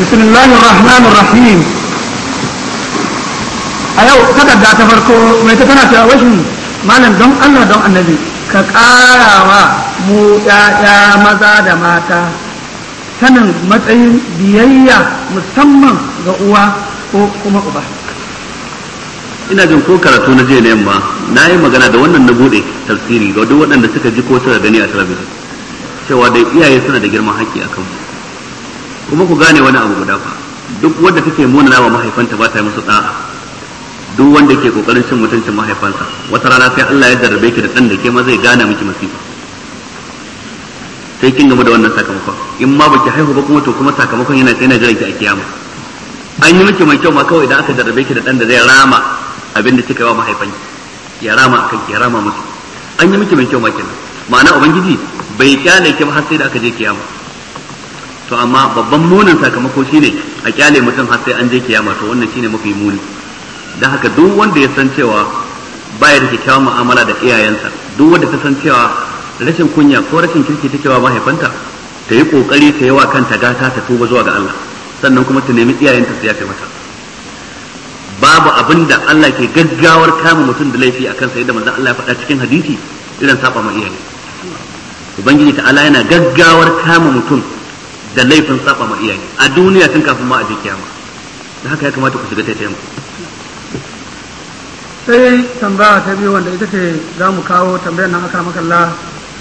بسم الله الرحمن الرحيم a yau takarda ta farko mai ta tana cewa washi malam don allah don annabi ka karawa mu ya'ya maza da mata sanin matsayin biyayya musamman ga uwa ko kuma uba ina jin ko karatu na jiya na yamma na yi magana da wannan na bude tafsiri ga duk waɗanda suka ji ko suka gani a talabijin cewa da iyaye suna da girman haƙƙi a kanmu kuma ku gane wani abu guda fa duk wanda take munana wa mahaifanta ba ta yi musu da'a duk wanda ke kokarin cin mutuncin mahaifansa wata rana sai Allah ya jarrabe ki da dan da ke ma zai gane miki masifa sai kin gama da wannan sakamakon in ma baki haihu ba kuma to kuma sakamakon yana na jira ki a kiyama an yi miki mai kyau ma kawai idan aka jarrabe ki da dan da zai rama abin da kika yi wa mahaifanki ya rama akan ki ya rama musu an yi miki mai kyau ma kenan ma'ana ubangiji bai kyale ki ba har sai da aka je kiyama to amma babban munin sakamako shine a kyale mutum har sai an je kiyama to wannan shine mafi muni dan haka duk wanda ya san cewa baya da kyakkyawan mu'amala da iyayensa duk wanda ta san cewa rashin kunya ko rashin kirki take wa mahaifanta ta yi kokari ta yi wa kanta gata ta tuba zuwa ga Allah sannan kuma ta nemi iyayenta su yafe mata babu abin da Allah ke gaggawar kama mutum da laifi akan sai da manzon Allah ya faɗa cikin hadisi irin saba ma iyaye ubangiji ta Allah yana gaggawar kama mutum da laifin saba ma iyaye a duniya tun kafin ma a je kiyama da haka ya kamata ku shiga taitayen ku sai tambaya ta biyu wanda ita ce za mu kawo tambayar nan aka makalla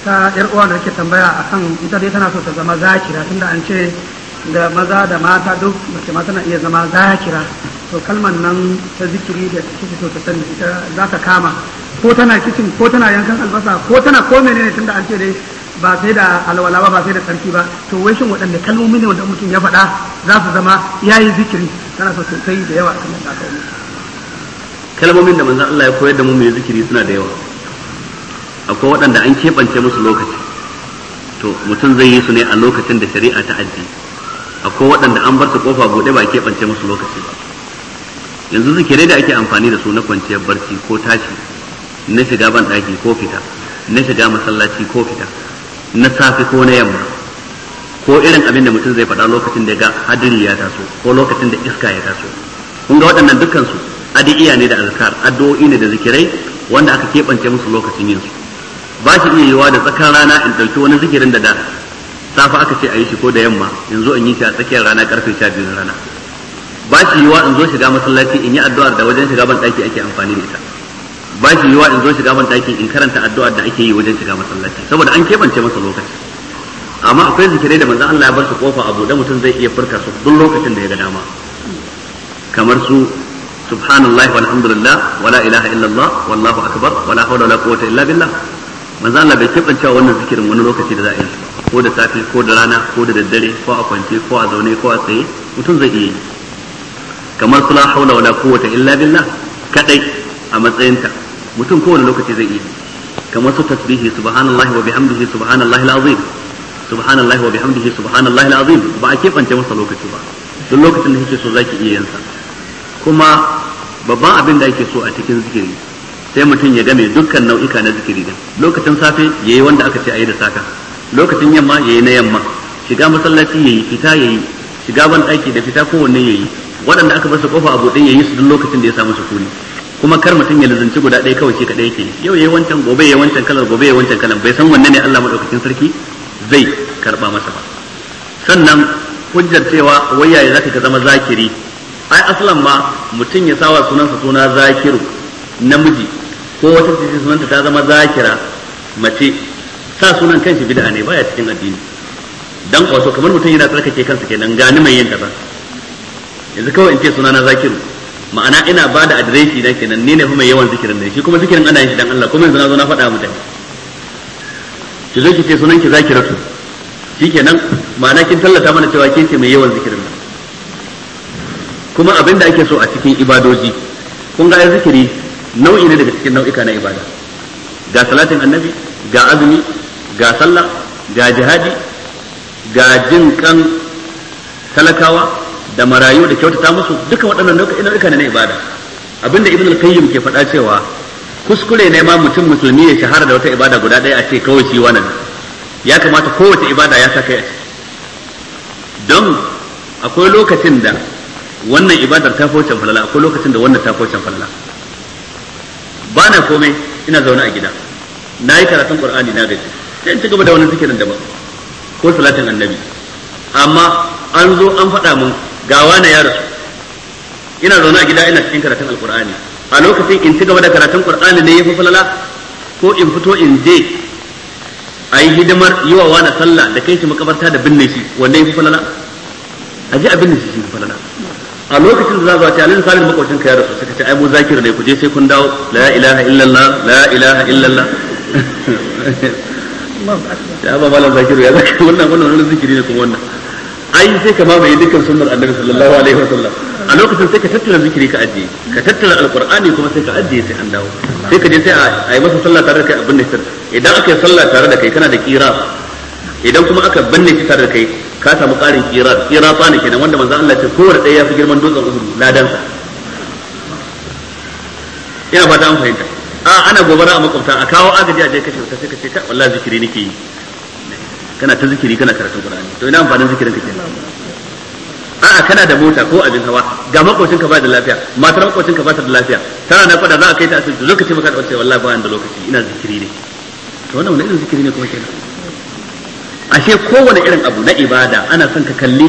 ta yar uwa da take tambaya akan ita dai tana so ta zama zakira tunda an ce da maza da mata duk mace ma tana iya zama zakira to kalman nan ta zikiri da kike so ta sani ita za ta kama ko tana kicin ko tana yankan albasa ko tana ko menene tunda an ce dai ba sai da alwala ba ba sai da sarki ba to wai shin waɗanne kalmomi ne wanda mutum ya faɗa za su zama yayi zikiri tana so sosai da yawa akan da kalmomin da manzon Allah ya koyar da mu mai zikiri suna da yawa akwai waɗanda an keɓance musu lokaci to mutum zai yi su ne a lokacin da shari'a ta aji akwai waɗanda an bar su kofa buɗe ba keɓance musu lokaci ba yanzu zikirai da ake amfani da su na kwanciyar barci ko tashi na shiga ban ɗaki ko fita na shiga masallaci ko fita na safe ko na yamma ko irin abin da mutum zai faɗa lokacin da ga hadiri ya taso ko lokacin da iska ya taso kun ga waɗannan dukkan su adi'iya ne da azkar addu'o'i ne da zikirai wanda aka keɓance musu lokacin yin su ba shi iya yiwa da tsakar rana in ɗauki wani zikirin da da safa aka ce a yi shi ko da yamma in zo in yi shi a tsakiyar rana karfe sha biyu na rana ba shi yiwa in zo shiga masallaci in yi addu'ar da wajen shiga ban ɗaki ake amfani da ita ba shi yiwa in zo shiga ban daki in karanta addu'ar da ake yi wajen shiga masallaci saboda an kebance masa lokaci amma akwai zikirai da manzon Allah ya bar su kofa a buɗe mutum zai iya furta su duk lokacin da ya ga dama kamar su subhanallahi walhamdulillah wala ilaha illallah wallahu akbar wala hawla wala quwwata illa billah manzon Allah bai kebance wannan zikirin wani lokaci da za a yi ko da safe ko da rana ko da daddare ko a kwance ko a zaune ko a tsaye mutum zai iya yi kamar su la hawla wala quwwata illa billah kadai a matsayinta mutum kowane lokaci zai iya kamar su tasbihi subhanallahi wa bihamdihi subhanallahi alazim subhanallahi wa bihamdihi subhanallahi alazim ba a kebance masa lokaci ba duk lokacin da yake so zaki iya yansa kuma babban abin da ake so a cikin zikiri sai mutum ya game dukkan nau'ika na zikiri din lokacin safe yayi wanda aka ce ayi da saka lokacin yamma yayi na yamma shiga masallaci yayi fita yayi shiga ban daki da fita kowanne yayi waɗanda aka basu kofa a buɗe yayi su duk lokacin da ya samu sukuni kuma kar mutum ya lazanci guda ɗaya kawai shi kaɗai yake yau yayi wancan gobe yayi wancan kalar gobe yayi wancan kalar bai san wanne ne Allah madaukakin sarki zai karba masa ba sannan hujjar cewa wayya ya zaka ka zama zakiri ai aslan ma mutum ya sawa sunansa suna zakiru namiji ko wata ce sunanta ta zama zakira mace sa sunan kanshi bid'a ne baya cikin addini dan kwaso kamar mutum yana tsarkake kansa kenan gani mai yin kaza yanzu kawai in ce suna na zakiru ma'ana ina ba da adireshi na kenan ni ne fa mai yawan zikirin ne shi kuma zikirin ana yin shi dan Allah kuma yanzu na zo na faɗa mutane ki zo ki ce sunan ki shi kenan ma'ana kin tallata mana cewa kin ce mai yawan zikirin nan kuma abin da ake so a cikin ibadoji kun ga zikiri nau'i ne daga cikin nau'ika na ibada ga salatin annabi ga azumi ga sallah ga jihadi ga jin kan talakawa da marayu da kyautata musu duka waɗannan nau'ika ne na ibada abinda ibn al-qayyim ke faɗa cewa kuskure ne ma mutum musulmi ya shahara da wata ibada guda ɗaya a ce kawai shi wannan ya kamata kowace ibada ya saka kai a don akwai lokacin da wannan ibadar ta fauce falala akwai lokacin da wannan ta fauce falala ba na komai ina zaune a gida na yi karatun qur'ani na gaji sai in ci gaba da wani zikirin ba ko salatin annabi amma an zo an faɗa mun ga wani ya rasu ina zaune a gida ina cikin karatun alkur'ani a lokacin in ci gaba da karatun alkur'ani ne ya fi falala ko in fito in je a yi hidimar yi wa wani sallah da kai shi makabarta da binne shi wanda fi falala a je a binne shi shi falala a lokacin da za a ce alin salin makwacin ka ya rasu suka ce ai mu zakir ne ku je sai kun dawo la ilaha illallah la ilaha illallah ya ba malam zakiru ya zaka wannan wannan wannan zikiri ne kuma wannan ai sai ka mamaye dukkan sunnar annabi sallallahu alaihi wasallam a lokacin sai ka tattara zikiri ka ajiye ka tattara alqur'ani kuma sai ka ajiye sai an dawo sai ka je sai a yi masa sallah tare da kai a binne shi idan aka yi sallah tare da kai kana da kira idan kuma aka banne ki tare da kai ka samu ƙarin kira kira tsani kenan wanda manzo Allah ya ce kowanne ɗaya fi girman dutsen uhud ladan sa ina fata an fahimta a ana gobara a makwabta a kawo agaji a je kashe ka sai ka ce ka wallahi zikiri nake yi kana ta zikiri kana karatun qur'ani to ina amfanin zikirin ka kenan a'a kana da mota ko abin hawa ga makocinka ba da lafiya matar makocinka ba ta da lafiya tana na kwada za a kai ta asibiti lokaci baka da wace wallahi ba da lokaci ina zikiri ne to wannan wani irin zikiri ne kuma kenan ashe kowane irin abu na ibada ana son ka kalli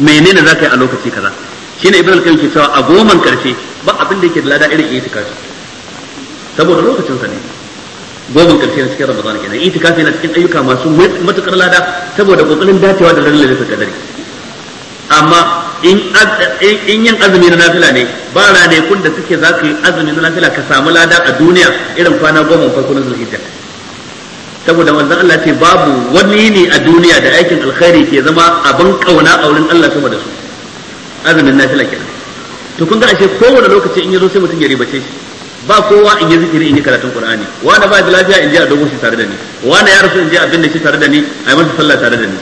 menene za ka yi a lokaci kaza shine ibn al-qayyim ke cewa a goman karshe ba abin da yake da lada irin itikafi saboda lokacin sa ne Gobin karshe na cikin ramadan kenan itikafi na cikin ayyuka masu matukar lada saboda kokarin dacewa da ranar lailatul qadari amma in yin azumi na nafila ne ba ranakun da suke za ka yi azumi na nafila ka samu lada a duniya irin kwana goma farko na zulhijja saboda manzon Allah ce babu wani ne a duniya da aikin alkhairi ke zama abin kauna a wurin Allah sama da su azumin nafila kenan to kun ga ashe kowane lokaci in yazo sai mutum ya ribace shi ba kowa in yi zikiri in yi karatun qur'ani wanda ba da lafiya in je a dogo shi tare da ni wanda ya rasu in je a binne shi tare da ni a yi masa sallah tare da ni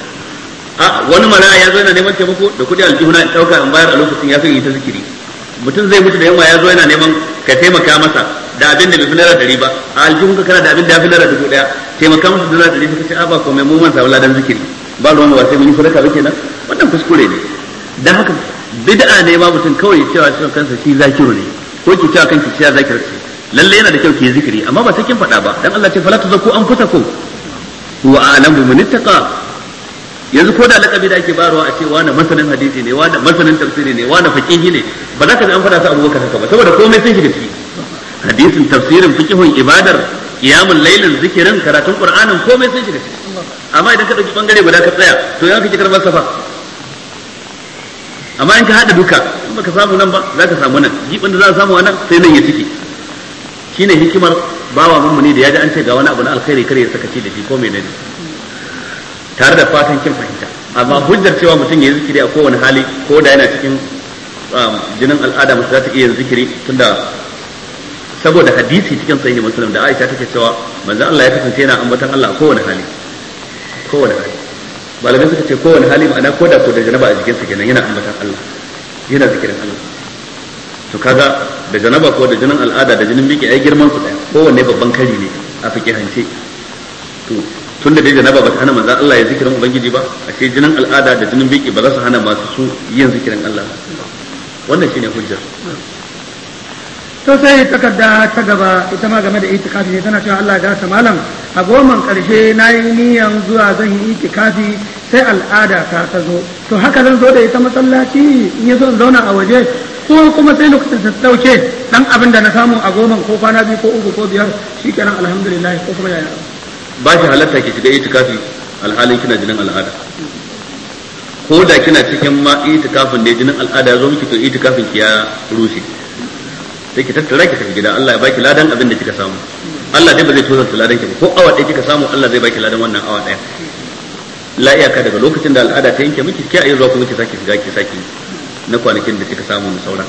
a wani mara ya zo yana neman taimako da kuɗi aljihuna in ɗauka in bayar a lokacin ya san yi ta zikiri mutum zai mutu da yamma ya zo yana neman ka taimaka masa da abin da bai fi naira dari ba a aljihunka kana da abin da ya fi naira dubu ɗaya taimaka masa da dari ɗari ce a ba komai mun manta wala dan zikiri ba ruwan ba sai mun yi sadaka ba kenan wannan kuskure ne dan haka bid'a ne ma mutum kawai cewa cikin kansa shi zakiru ne ko cuta akan ki sai zaki rike lalle yana da kyau ki zikiri amma ba sai kin faɗa ba dan Allah ce fala tuzakku anfusakum wa a'lamu man ittaqa yanzu ko da lakabi da ake barawa a ce wani masanin hadisi ne wani masanin tafsiri ne wani faqihi ne ba za ka ji an faɗa ta abubakar haka ba saboda komai sun shiga ciki hadisin tafsirin fiqhun ibadar qiyamul lailin zikirin karatun qur'anin komai sun shiga ciki amma idan ka dauki bangare guda ka tsaya to ya kike karban safa amma in ka hada duka baka samu nan ba za ka samu nan jibin da za ka samu a nan sai nan ya ciki shine hikimar bawa mummuni da ya ji an ce ga wani abu na alkhairi kare ya sakaci da shi ko mai nani tare da fatan kin fahimta amma hujjar cewa mutum ya yi zikiri a kowane hali ko da yana cikin um, jinin al'ada masu za ta iya zikiri tunda saboda hadisi cikin sahihi muslim da Aisha take cewa manzo Allah ya kasance yana ambaton Allah kowane hali kowane hali malamai suka ce kowane hali ma'ana ko da ko da janaba a jikinsa kenan yana ambaton Allah yana zikirin Allah to kaga da janaba ko da jinin al'ada da jinin biki ai girman su daya kowanne babban kari ne a fikihance to tun da dai janaba ba ta hana manzo Allah ya zikirin ubangiji ba ashe jinin al'ada da jinin biki ba za su hana masu su yin zikirin Allah wannan shine hujjar to sai takarda ta gaba ita ma game da itikafi ne tana cewa Allah ya gasa malam a goman karshe nayi niyan zuwa zan yi itikafi sai al'ada ta ta zo to haka zan zo da ita masallaci in ya zo zauna a waje ko kuma sai lokacin ta dauke dan abin da na samu a goma ko kwana biyu ko uku ko biyar shikenan alhamdulillah ko kuma yaya ba shi halatta ki shiga itikafi alhalin kina jinin al'ada ko da kina cikin ma itikafin ne jinin al'ada ya zo miki to itikafin ki ya rushe sai ki tattara ki tafi gida Allah ya baki ladan abin da kika samu Allah dai ba zai tozanta ladan ki ba ko awa ɗaya kika samu Allah zai baki ladan wannan awa ɗaya la iyaka daga lokacin da al'ada ta yanke miki ke a yi zuwa kuma ki sake shiga ki sake na kwanakin da kika samu na saura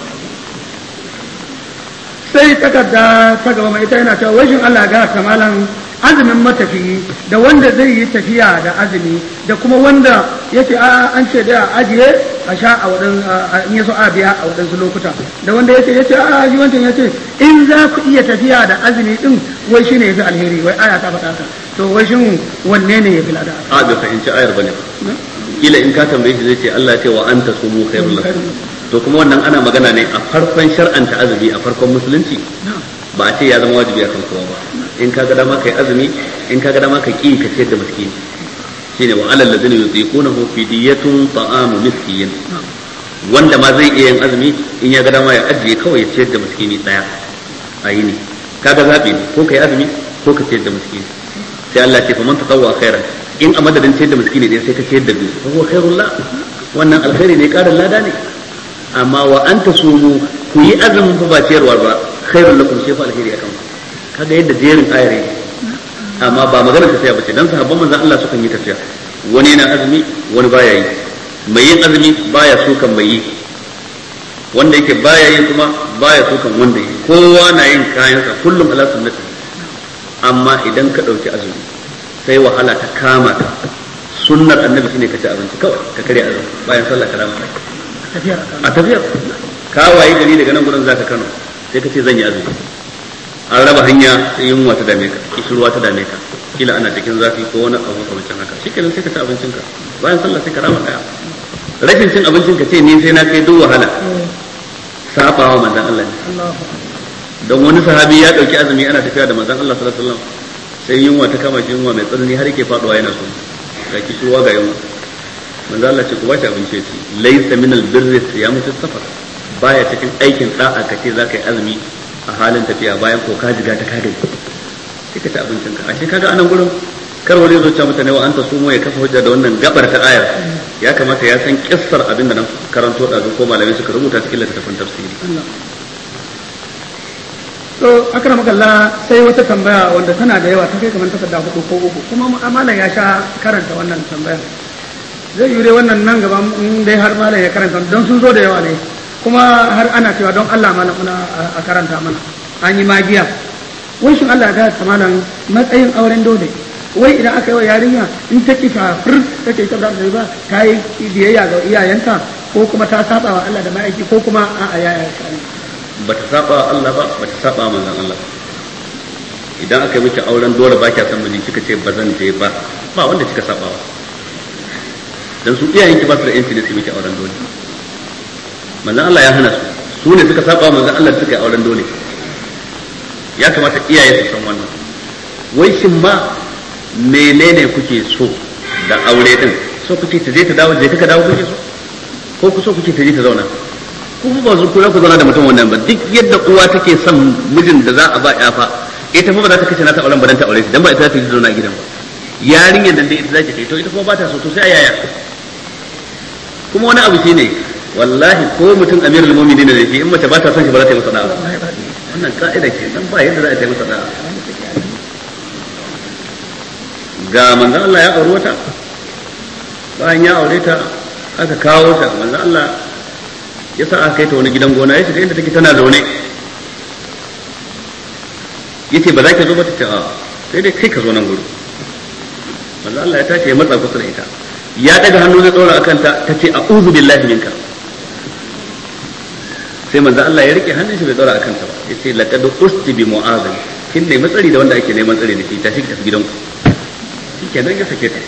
sai takarda ta gaba mai ita yana cewa wajin Allah ga kamalan azumin matafiyi da wanda zai yi tafiya da azumi da kuma wanda yake an ce da ajiye a sha a wadan in yaso a biya a wadan lokuta da wanda yake yace a ji wancan yace in za ku iya tafiya da azumi din wai shine yafi alheri wai aya ta faɗa ta to wai shin wanne ne yafi lada a bai fahimci ayar bane kila in ka tambaye shi zai ce Allah ya ce wa anta sumu khairul lak to kuma wannan ana magana ne a farkon shar'anta azumi a farkon musulunci ba a ce ya zama wajibi a kan kowa ba in ka ga dama kai azumi in ka ga dama kai ki ka ciyar da miskini shine wa alal ladina yuziqunahu fidyatun ta'amu miskin wanda ma zai iya yin azumi in ya ga dama ya ajiye kawai ya ciyar da miskini daya a yini kaga zabi ne ko kai azumi ko ka ciyar da miskini sai Allah ce faman tatawwa khairan in a madadin ciyar da miskini dai sai ka ciyar da biyu fa huwa khairul la wannan alkhairi ne karin lada ne amma wa anta sumu ku yi azumin fa ba ciyarwa ba khairul lakum sai fa alkhairi akan ku kaga yadda jerin ayar yake amma ba magana tafiya bace dan sahabban manzon Allah sukan yi tafiya wani yana azumi wani baya yi mai yin azumi baya sukan mai yi wanda yake baya yi kuma baya sukan wanda yi kowa na yin kayansa kullum ala sunnati amma idan ka dauki azumi sai wahala ta kama ka sunnar annabi shine ka ci abinci kawai ka kare azumi bayan sallah ka rama a tafiyar ka waye gari daga nan gurin zaka Kano sai ka ce zan yi azumi an raba hanya yunwa ta dame ka kishirwa ta dame ka kila ana cikin zafi ko wani abu wancan haka shi kenan sai ka ci abincin ka bayan sallah sai ka rama daya rashin cin abincin ka ce ni sai na kai duk wahala sabawa manzon Allah ne don wani sahabi ya dauki azumi ana tafiya da manzon Allah sallallahu alaihi wasallam sai yunwa ta kama shi yunwa mai tsanani har yake faduwa yana so ga kishirwa ga yunwa manzon Allah ce ku shi abinci ya ci laysa min albirri siyamu safar baya cikin aikin da'a kace zakai yi azumi a halin tafiya bayan ko ka jiga ta kare sai ka ci abincin ka ashe kaga anan gurin kar wani zo ta mutane wa anta sumo ya kafa hujja da wannan gabar ta ayar ya kamata ya san kissar abin da na karanto da ko malamai suka rubuta cikin littafin tafsiri to Akara magalla sai wata tambaya wanda tana da yawa ta kai kamar takarda hudu ko uku kuma Malam ya sha karanta wannan tambayar zai yure wannan nan gaba in dai har malam ya karanta don sun zo da yawa ne kuma har ana cewa don Allah malam kuna a karanta mana an yi magiya wai shin Allah ga ta malam matsayin auren dole wai idan aka yi wa yarinya in ta kifa fur take ta da ba ta yi biyayya ga iyayenta ko kuma ta saba wa Allah da ma'aiki ko kuma a a yaya ba ta saba wa Allah ba ba ta saba manzon Allah idan aka yi miki auren dole ba kya san miji kika ce ba zan je ba ba wanda kika saba wa dan su iyayenki ba su da yanci ne su miki auren dole manzon Allah ya hana su su ne suka saba manzon Allah suka yi auren dole ya kamata iyaye su san wannan wai shin ma menene kuke so da aure din so kuke ta je ta dawo je ka dawo kuke so ko ku so kuke ta je ta zauna ku ba su kula ku zauna da mutum wannan ba duk yadda uwa take son mijin da za a ba ya fa ita fa ba za ta kace na ta auren ba dan ta aure shi dan ba ita za ta je zauna a gidan ba yarinyar da ita za ta to ita kuma ba ta so to sai a yaya kuma wani abu shine wallahi ko mutum amirul mu'minin ne shi in mace ba ta son shi ba za ta yi masa da'a wannan ka'ida ke nan ba yadda za ta yi masa da'a ga manzon Allah ya aure ta bayan ya aure ta aka kawo ta manzon Allah ya sa aka kai ta wani gidan gona ya shiga inda take tana zaune yace ba za ki zo ba ta ce a sai dai kai ka zo nan gudu manzon Allah ya tashi ya matsa kusa da ita ya daga hannu zai tsora akan ta tace a'udhu billahi minka sai manzo Allah ya rike hannun shi bai tsara akan ta ba yace laqad usti bi mu'azin kin ne matsari da wanda ake neman tsari da shi tashi ka tafi gidanku shikenan ya sake ta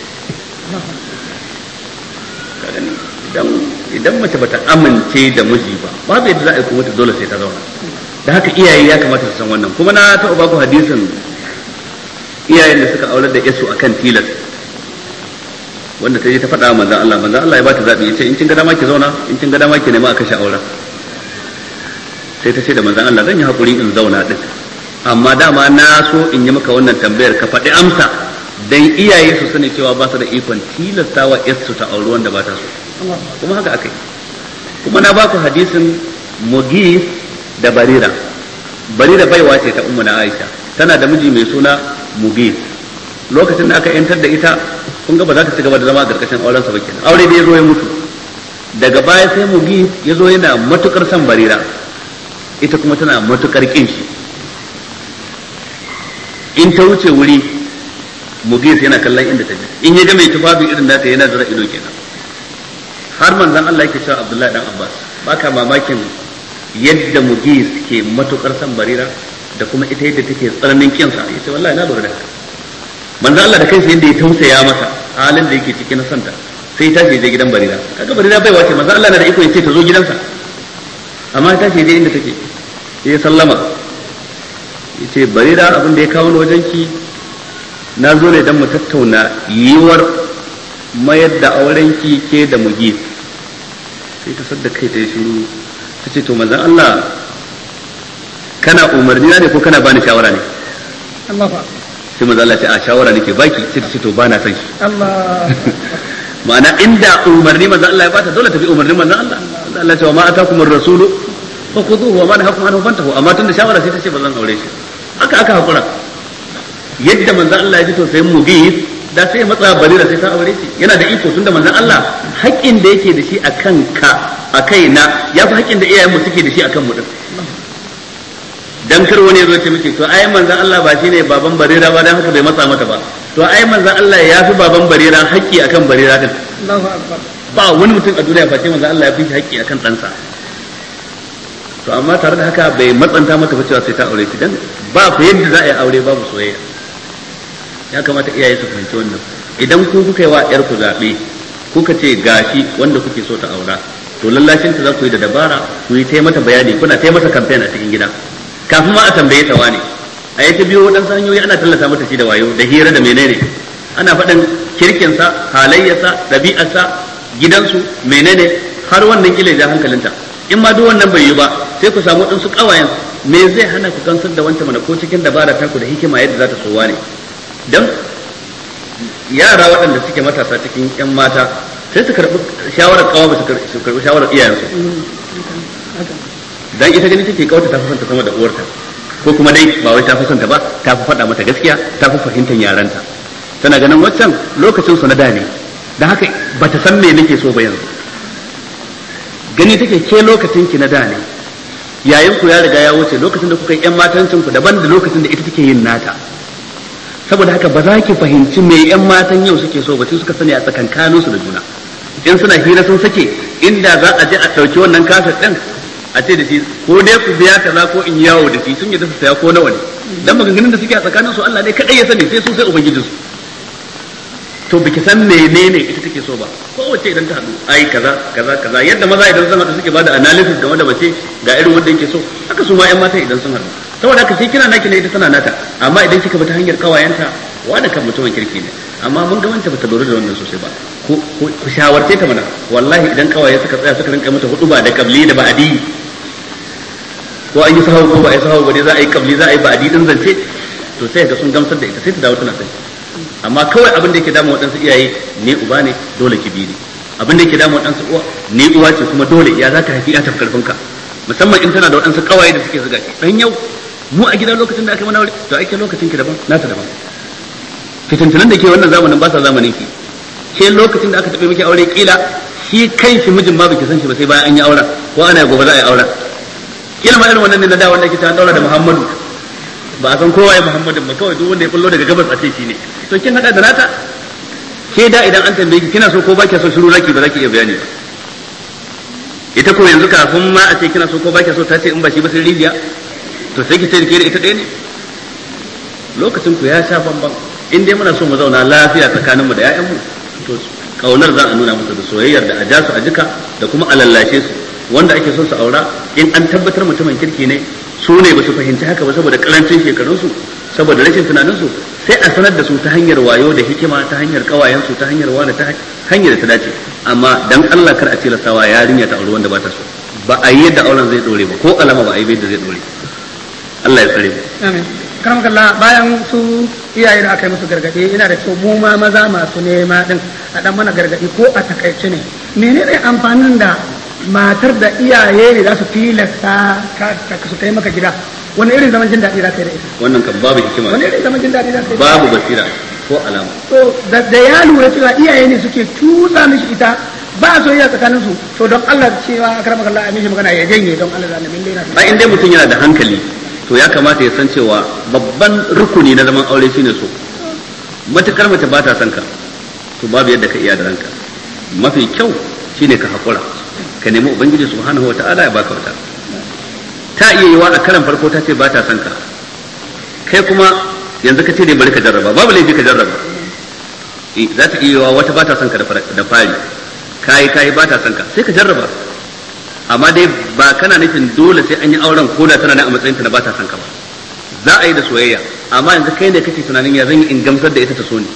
idan idan mace bata amince da miji ba babu yadda za a yi kuma ta dole sai ta zauna da haka iyaye ya kamata su san wannan kuma na taɓa baku hadisin iyayen da suka aurar da yasu akan tilas wanda ta je ta faɗa wa manzon Allah manzon Allah ya bata zabi ce in kin ga dama ki zauna in kin ga dama ki nema a kashe auren sai ta ce da manzan Allah zan yi hakuri in zauna ɗin amma dama na so in yi maka wannan tambayar ka faɗi amsa dan iyaye su sani cewa ba su da ikon tilastawa yasu ta auri wanda ba ta so kuma haka akai kuma na baku hadisin mugis da barira barira baiwa ce ta ummu na aisha tana da miji mai suna mugis lokacin da aka yantar da ita kun ga ba za ta ci gaba da zama a ƙarƙashin auren sa ba kenan aure da ya zo ya mutu daga baya sai mugis ya zo yana matukar son barira ita kuma tana matukar kin shi in ta wuce wuri mugis yana kallon inda ta je in ya ga mai tufafi irin nata yana zura ido kenan har manzon Allah yake cewa Abdullahi dan Abbas baka mamakin yadda mugis ke matukar san barira da kuma ita yadda take tsananin sa yace wallahi na lura da haka manzon Allah da kansa yadda ya tausaya masa halin da yake cikin santa sai ta je gidan barira kaga barira bai wace manzon Allah na da iko ya ce ta zo gidansa amma ta je inda take ya sallama ya ce bari da abin da ya kawo wajen ki na zo ne don mu tattauna yiwuwar mayar da aurenki ke da mugi sai ta sadda kai ta yi shiru ta ce to manzan Allah kana umarni na ne ko kana bani shawara ne sai manzan Allah ce a shawara nake baki sai ta ce to bana son shi ma'ana inda umarni manzan Allah ya bata dole ta bi umarnin manzan Allah Allah ce wa ma'ata kuma rasulu fa ma wa da hakum anhu fantahu amma tunda shawara sai ta ce ba zan aure shi haka aka hakura yadda manzo Allah ya ji mu mughis da sai matsa barira sai ta aure shi yana da iko tunda manzo Allah haƙin da yake da shi akan ka a kaina ya fi haƙin da iyayen mu suke da shi akan mu din dan kar wani zo ce miki to ai manzo Allah ba shine baban barira ba dan haka bai matsa mata ba to ai manzo Allah ya fi baban barira haƙƙi akan barira din Allahu akbar ba wani mutum a duniya face manzo Allah ya fi haƙƙi akan ɗansa to amma tare da haka bai matsanta mata ba cewa sai ta aure shi dan ba fa yadda za a yi aure babu soyayya ya kamata iyaye su fahimci wannan idan ku kuka yi wa yar ku zabe kuka ce gashi wanda kuke so ta aura to lallashin ta za ku yi da dabara ku yi tai mata bayani kuna tai mata campaign a cikin gida kafin ma a tambaye ta wani a yi ta biyo waɗansu hanyoyi ana tallata mata shi da wayo da hira da menene ana faɗin kirkinsa halayyarsa ɗabi'arsa gidansu menene har wannan kila ja hankalinta in ma duk wannan bai yi ba sai ku samu ɗansu ƙawayen me zai hana ku kansar da wanta mana ko cikin dabara ta ku da hikima yadda za ta sowa ne don yara waɗanda suke matasa cikin ƴan mata sai su karɓi shawarar ƙawa ba su karɓi shawarar iyayensu dan ita gani take kawata ta fi santa sama da uwarta ko kuma dai ba wai ta fi santa ba ta fi faɗa mata gaskiya ta fi fahimtar yaranta tana ganin waccan lokacin su na da ne da haka ba ta san me nake so ba yanzu gani take ke lokacin ki na da ne yayin ku ya riga ya wuce lokacin da kuka yi yan matancin ku daban da lokacin da ita take yin nata saboda haka ba za ki fahimci me yan matan yau suke so ba sai suka sani a tsakankanin su da juna in suna hira sun sake inda za a je a ɗauki wannan kasar ɗin a ce da shi ko dai ku biya ta za ko in yawo da shi sun yi dasa saya ko nawa ne dan maganganun da suke a tsakanin su Allah ne kadai ya sani sai su sai su to biki san menene ita take so ba kowace idan ta hadu ai kaza kaza kaza yadda maza idan sun hadu suke bada analysis game da mace ga irin wanda yake so haka su ma ƴan mata idan sun hadu saboda haka sai kina naki ne ita tana nata amma idan kika bi ta hanyar kawayenta wani kan mutumin kirki ne amma mun ga wanda bata lura da wannan sosai ba ku shawarce ta mana wallahi idan kawaye suka tsaya suka rinka mata hudu ba da kabli da ba'adi ko an yi sahawu ko ba a yi sahawu ba dai za a yi kabli za a yi ba'adi din zance to sai ga sun gamsar da ita sai ta dawo tana sai amma kawai abin da yake damu waɗansu iyaye ne uba ne dole ki bi ne abin da yake damu waɗansu uwa ne uwa ce kuma dole ya za ta haifi ya tafi karfin ka musamman in tana da waɗansu kawaye da suke zuga ki Ɗan yau mu a gida lokacin da aka mana aure to ake lokacin ki daban nata daban fitintunan da ke wannan zamanin ba sa zamanin ki ke lokacin da aka taɓa miki aure kila shi kai shi mijin ma baki san shi ba sai bayan an yi auren ko ana gobe za a yi auren kila ma irin wannan ne na da wanda ke ta daura da Muhammadu ba a san kowa ya Muhammadu ba kawai duk wanda ya bullo daga gabas a ce shi ne to kin hada da nata ke da idan an tambaye ki kina so ko baki so shiru zaki ba zaki iya bayani ba ita ko yanzu kafin ma a ce kina so ko baki so ta ce in ba shi ba sai ribiya to sai ki ce ke da ita ɗaya ne lokacin ku ya sha bamban in dai muna so mu zauna lafiya tsakanin mu da ƴaƴanmu to kaunar za a nuna musu da soyayyar da a ja su a jika da kuma a lallashe su wanda ake son su aura in an tabbatar mutumin kirki ne su ne ba su fahimci haka ba saboda karancin shekarunsu saboda rashin tunanin su sai a sanar da su ta hanyar wayo da hikima ta hanyar kawayen su ta hanyar wani ta hanyar da ta dace amma dan Allah kar a ce lasawa yarinya ta aure wanda ba ta so ba a yi yadda auren zai dore ba ko alama ba a yi yadda zai dore Allah ya tsare mu amin karam kalla bayan su iyaye da aka yi musu gargadi ina da kyau mu ma maza masu nema din a dan mana gargadi ko a takaice ne menene amfanin da matar da iyaye ne za su tilasta ka su kai maka gida wani irin zaman jin daɗi za ka yi da ita wannan kan babu hikima wani irin zaman jin daɗi za ka yi babu basira ko alama to da ya lura cewa iyaye ne suke tusa mishi ita ba soyayya tsakanin su to don Allah cewa akramaka Allah a mishi magana ya janye don Allah zalimin dai na ba in dai mutum yana da hankali to ya kamata ya san cewa babban rukuni na zaman aure shine so matukar mace ba ta son ka to babu yadda ka iya da ranka mafi kyau shine ka hakura ka nemi ubangiji subhanahu wataala ya baka wata ta iya yiwa a karan farko ta ce ba ta son ka kai kuma yanzu ka ce dai bari ka jarraba babu laifi ka jarraba eh, za ta iya yiwa wata ba ta son ka da fari kayi kayi ba ta son ka sai ka jarraba amma dai ba kana nufin dole sai an yi auren ko da tana nan a matsayin ta na ba ta son ka ba za a yi da soyayya amma yanzu kai ne kake tunanin ya zan yi in gamsar da ita ta so ni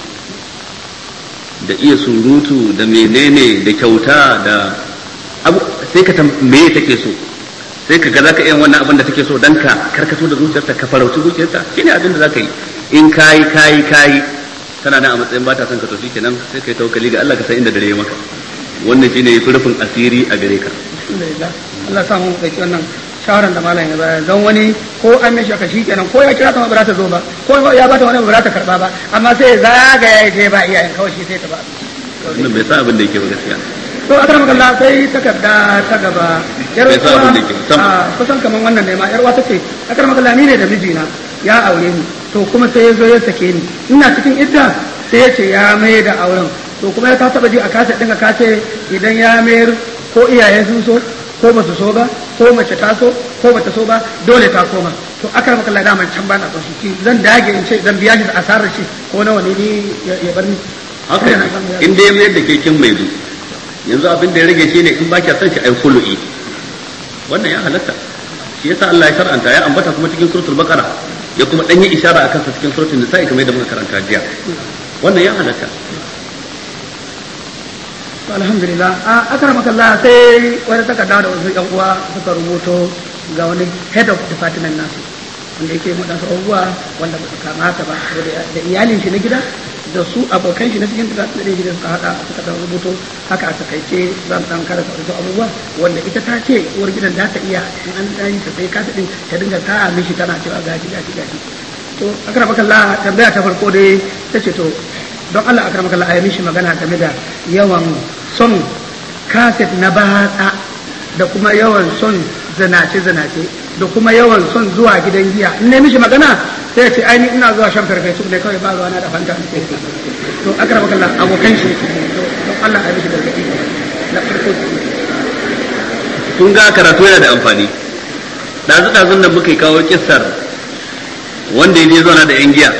da iya surutu da menene da kyauta da abu sai ka me take so sai ka ga zaka iya wannan abin da take so dan ka karkato da zuciyarta ka farauci zuciyarta shine abin da zaka yi in kai kai kai tana nan a matsayin bata son ka to shikenan sai kai tawakkali ga Allah ka san inda dare ya maka wannan shine rufin asiri a gare ka alhamdulillah Allah sa mu dauki wannan shawaran da malam ya bayar don wani ko an mishi aka shikenan ko ya kira ta ba za ta zo ba ko ya bata wani ba za ta karba ba amma sai ya zagaya ya je ba iyayen kawai shi sai ta ba wannan bai sa abin da yake ba gaskiya to akar magalla sai takarda ta gaba yar uwa kusan kaman wannan nema ma yar uwa ce akar magalla ni ne da mijina ya aure ni to kuma sai ya zo ya sake ni ina cikin idda sai ya ce ya mai da auren to kuma ya ta taba ji a kace din ka ce idan ya mayar ko iyayen sun so ko ba su so ba ko mace ta so ko bata so ba dole ta koma to akar magalla daman can ba na so shi zan dage in ce zan biya shi da asarar shi ko nawa ne ni ya bar ni haka in dai mayar da ke kin mai zuwa yanzu abin da ya rage shi ne in ba kya san shi ai khulu'i wannan ya halatta shi yasa Allah ya shar'anta ya ambata kuma cikin suratul baqara ya kuma dan yi isharar akan sa cikin suratul nisa kamar yadda muka karanta jiya wannan ya halatta alhamdulillah ah akramaka Allah sai wani takarda da wasu yan uwa suka rubuto ga wani head of department nasu wanda yake mu dan abubuwa wanda ba kamata ba da iyalin shi na gida da su abokan shi na cikin da zasu dade shi da suka a suka dan rubuto haka a takaice zan dan karanta wasu abubuwa wanda ita ta ce uwar gidan za ta iya in an dan ta sai ka din ta dinga ta mishi tana cewa gashi gashi gashi to akramaka Allah tambaya ta farko dai ta ce to don Allah akramaka Allah ayi mishi magana game da yawan son kaset na bahasa da kuma yawan son zanace zanace da kuma yawan son zuwa gidan giya in ne mishi magana sai ce ai ina zuwa shan farfesu ne kawai ba ruwa na da fanta to akrama kallah abokan shi don Allah ya mishi gargadi na farko tun ga karatu yana da amfani dazu dazun da muka kawo kissar wanda ya je na da yan giya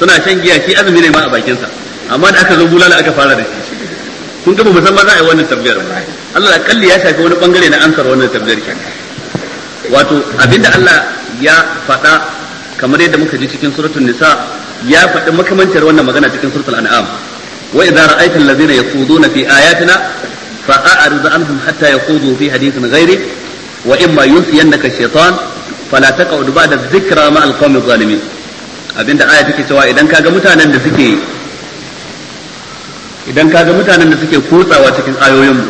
suna shan giya shi azumi ne ma a bakinsa amma da aka zo bulala aka fara da shi kun ga ba za a yi wannan tabbiyar ba Allah da kalli ya shafi wani bangare na ansar wannan tabbiyar kenan wato abinda Allah ya faɗa kamar yadda muka ji cikin suratul nisa ya faɗi makamancin wannan magana cikin suratul an'am wa idza ra'aita allazina yaquduna fi ayatina fa a'rid anhum hatta yaqudu fi hadithin ghairi wa imma yunsiyannaka shaytan fala taq'ud ba'da dhikra ma adh-dhalimin abinda aya take cewa idan kaga mutanen da suke idan kaga mutanen da suke kotsawa cikin ayoyin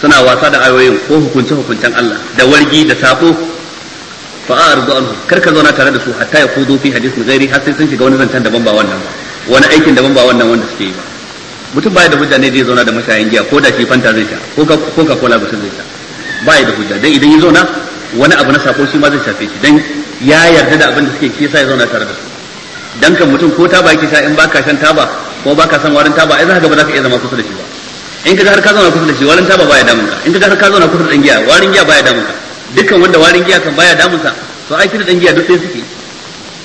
suna wasa da ayoyin ko hukunce hukuncen Allah da wargi da sako fa arzu anhu kar ka zauna tare da su hatta ya kudo fi hadisin zairi har sai sun shiga wani zancen daban ba wannan wani aikin daban ba wannan wanda suke yi ba mutum baya da hujja ne zai zauna da mashayin giya ko da shi fanta zai sha ko ka ko ka kola mutum zai sha baya da hujja dan idan ya zauna wani abu na sako shi ma zai shafe shi dan ya yarda da abin da suke shi yasa ya zauna tare da su dan kan mutum ko taba yake sha in baka shan taba ko baka san warin taba ai za ka ba za ka iya zama kusa da shi ba in ka ga har ka zauna kusa da shi warin taba baya damunka in ka ga har ka zauna kusa da giya warin giya baya damunka dukkan wanda warin giya kan baya damunsa to ai shi da dan giya duk sai suke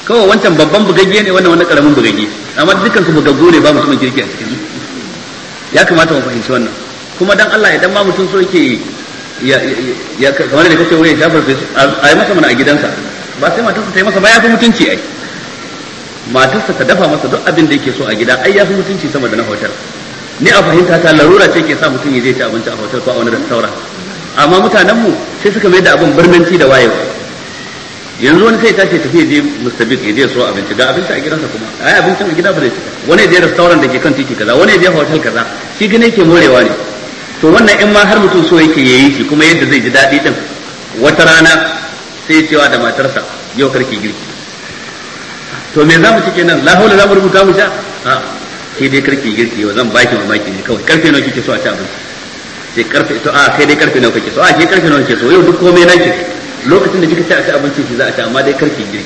kawai wancan babban bugagge ne wannan wani karamin bugagge amma dukkan su bugaggu ne ba mutumin kirki a cikin ya kamata mu fahimci wannan kuma dan Allah idan ma mutum so yake ya ya kamar da kace waye dafar sai a yi masa mana a gidansa ba sai matarsa ta yi masa ba ya fi mutunci ai matarsa ta dafa masa duk abin da yake so a gida ai ya fi mutunci sama da na hotel ni a fahimta ta larura ce ke sa mutum ya je ci abinci a hotel ko a wani restaurant amma mutanen mu sai suka mai da abin birnanci da wayewa yanzu wani sai tashi tafiya je mustabid ya je so abinci ga abinci a gidansa kuma ai abincin a gida ba zai ci wani je restaurant da ke kan titi kaza wani je hotel kaza shi gane yake morewa ne to wannan in ma har mutum so yake yayi shi kuma yadda zai ji daɗi din wata rana sai cewa da matarsa yau karki girki to me za mu ci kenan la haula la mu rubuta mu sha a sai dai karki girki yau zan baki mamaki ne kawai karfe nawa kike so a ci abinci sai karfe to a kai dai karfe nawa kake so a ke karfe nawa kake so yau duk komai nake lokacin da kika ci a ci abinci shi za a ci amma dai karfe girki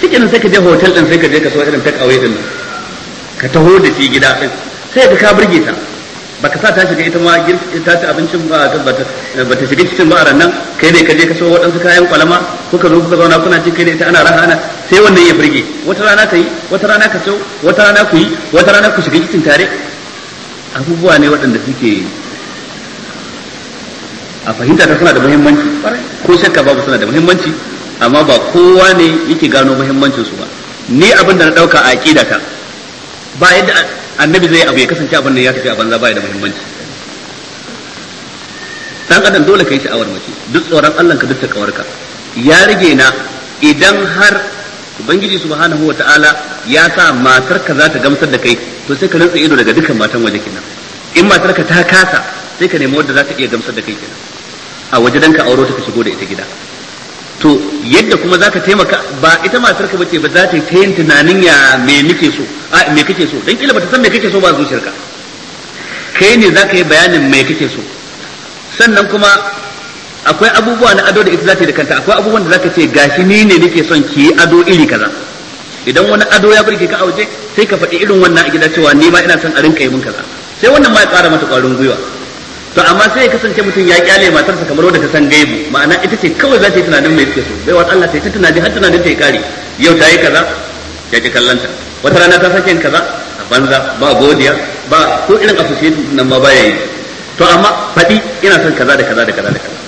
cikin sai ka je hotel din sai ka je ka so irin takawai din ka taho da shi gida din sai ka ka burge ta baka sa ta shiga ita ma ta ci abincin ba ba ta shiga cikin ba a nan kai ne ka je ka so waɗansu kayan kwalama kuka zo kuka zauna kuna ci kai ne ita ana raha ana sai wannan ya burge wata rana ka yi wata rana ka so wata rana ku yi wata rana ku shiga cikin tare abubuwa ne waɗanda suke a fahimta ta suna da muhimmanci ko shakka babu suna da muhimmanci amma ba kowa ne yake gano muhimmancin su ba ni abin da na dauka a aqida ta ba yadda annabi zai abu ya kasance abin nan ya tafi a banza ba da muhimmanci dan adam dole kai sha'awar mace duk tsoron Allah ka duk kawarka ya rige na idan har ubangiji subhanahu wataala ya sa matarka ka za ta gamsar da kai to sai ka rantsa ido daga dukkan matan waje kenan in matarka ta kasa sai ka nemi wadda za ta iya gamsar da kai kenan a waje dan ka auro ta ka shigo da ita gida to yadda kuma za ka taimaka ba ita matar ka bace ba za ta ta yin tunanin ya me nake so a me kake so dan kila bata san me kake so ba zuciyarka kai ne za ka yi bayanin me kake so sannan kuma akwai abubuwa na ado da ita za ta yi da kanta akwai abubuwan da za ka ce gashi ni ne nake son ki yi ado iri kaza idan wani ado ya burge ka a waje sai ka faɗi irin wannan a gida cewa ni ma ina son a rinka yi min kaza sai wannan ma ya ƙara mata ƙwarin gwiwa to amma sai ya kasance mutum ya kyale matarsa kamar wanda ta san gaibu ma'ana ita ce kawai za ta yi tunanin mai suke so bai wa Allah sai ta tunani har tunanin ta ya kare yau ta yi kaza ya ki kallanta wata rana ta sake kaza a banza ba godiya ba ko irin association nan ma baya yi to amma faɗi ina son kaza da kaza da kaza da kaza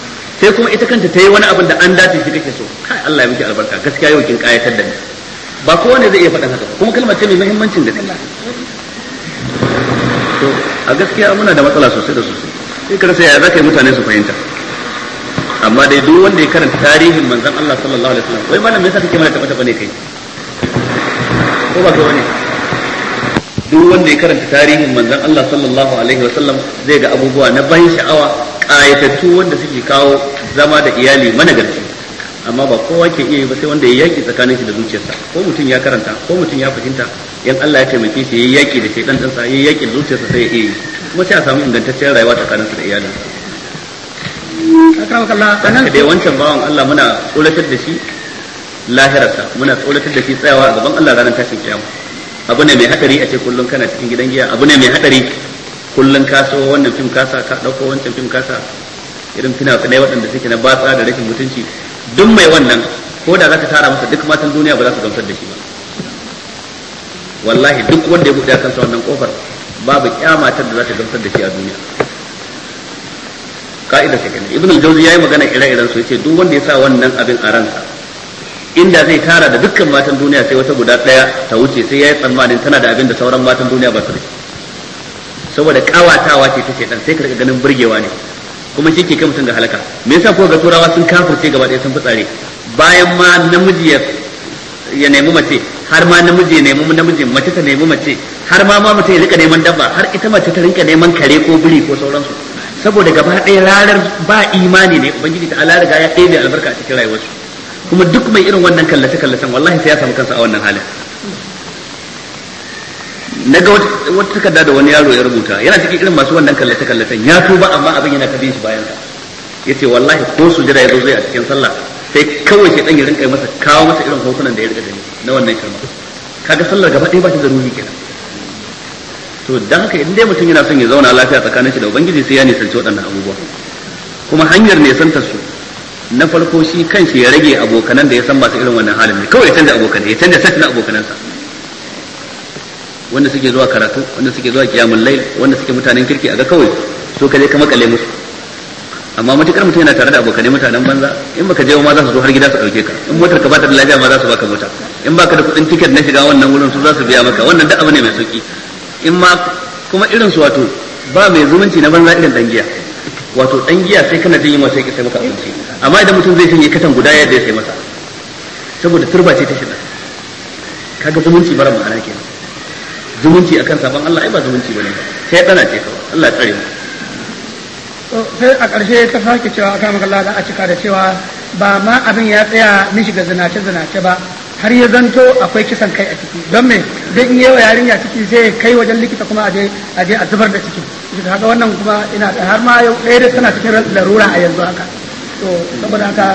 sai kuma ita kanta ta yi wani abin da an dace shi kake so kai Allah ya miki albarka gaskiya yau kin kayatar da ni ba kowane zai iya faɗin haka kuma kalmar ce mai muhimmancin gaske to a gaskiya muna da matsala sosai da sosai sai ka rasa yaya ka yi mutane su fahimta amma dai duk wanda ya karanta tarihin manzon Allah sallallahu alaihi wasallam wai malam me yasa kake mana tabbata bane kai ko ba ga wani duk wanda ya karanta tarihin manzon Allah sallallahu alaihi wasallam zai ga abubuwa na ban sha'awa kayatattu wanda suke kawo zama da iyali mana gari amma ba kowa ke iya yi ba sai wanda ya yaki tsakanin shi da zuciyarsa ko mutum ya karanta ko mutum ya fahimta yan Allah ya taimake shi yayi yaki da shaydan din sa yayi yaki da zuciyarsa sai ya iya yi kuma sai a samu ingantacciyar rayuwa tsakanin su da iyalin akramak da wancan bawan Allah muna tsoratar da shi lahirarsa muna tsoratar da shi tsayawa a gaban Allah ranar tashin kiyama abu ne mai hadari a ce kullun kana cikin gidan giya abu ne mai hadari kullun ka so wannan fim kasa ka dauko wancan fim kasa irin fina finai waɗanda suke na batsa da rashin mutunci duk mai wannan ko da zaka tara masa duk matan duniya ba za su gamsar da shi ba wallahi duk wanda ya buɗe kansa wannan kofar babu kyamatar da za ta gamsar da shi a duniya Ka'ida ta kenan ibn al-jawzi yayi magana ire-iren su yace duk wanda ya sa wannan abin a ransa inda zai tara da dukkan matan duniya sai wata guda daya ta wuce sai yayi tsammanin tana da abin da sauran matan duniya ba su da saboda kawatawa ce ta shedan sai ka ganin burgewa ne kuma shi ke kai mutum ga halaka me yasa ko ga turawa sun kafirce gaba ɗaya sun fitsare bayan ma namiji ya nemi mace har ma namiji ya nemi namiji mace ta nemi mace har ma ma mutum ya rika neman dabba har ita mace ta rika neman kare ko biri ko sauransu saboda gaba ɗaya ranar ba imani ne ubangiji ta ala riga ya ɗebe albarka a cikin rayuwarsu kuma duk mai irin wannan kallace kallacen wallahi sai ya samu kansa a wannan halin na ga wata takarda da wani yaro ya rubuta yana cikin irin masu wannan kallace kallacen ya tuba amma abin yana ta bin shi bayan ya ce wallahi ko jira ya zo zai a cikin sallah sai kawai shi ɗan ya rinka masa kawo masa irin hotunan da ya rika gani na wannan kalma kaga sallar gaba ɗaya ba ta zaruri kenan to dan haka idan dai mutum yana son ya zauna lafiya tsakanin shi da ubangiji sai ya nisanci waɗannan abubuwa kuma hanyar nisanta su na farko shi kanshi ya rage abokanan da ya san masu irin wannan halin ne kawai ya canza abokanai ya canza sashi na abokanansa wanda suke zuwa karatu wanda suke zuwa kiyamul lail wanda suke mutanen kirki a ga kawai so ka je ka makale musu amma matukar mutum yana tare da abokanai mutanen banza in baka je ma za su zo har gida su dauke ka in motar ka ba ta da lafiya ma za su baka mota in baka da kudin tiket na shiga wannan wurin su za su biya maka wannan duk abu ne mai sauki in ma kuma irin su wato ba mai zumunci na banza irin dan giya wato dan giya sai kana jin yunwa sai ka sai maka abinci amma idan mutum zai cinye katan guda yadda ya sai masa saboda turba ce ta shida kaga zumunci bara ma'ana kenan zumunci akan sabon Allah ai ba zumunci bane sai dana ce kawai Allah ya tsare mu sai a ƙarshe ta sake cewa aka maka Allah da a cika da cewa ba ma abin ya tsaya mishi ga zinace zinace ba har ya zanto akwai kisan kai a ciki don me duk in yawa yarinya ciki sai kai wajen likita kuma aje aje a zubar da ciki haka wannan kuma ina har ma yau ɗaya da tana cikin larura a yanzu haka to saboda haka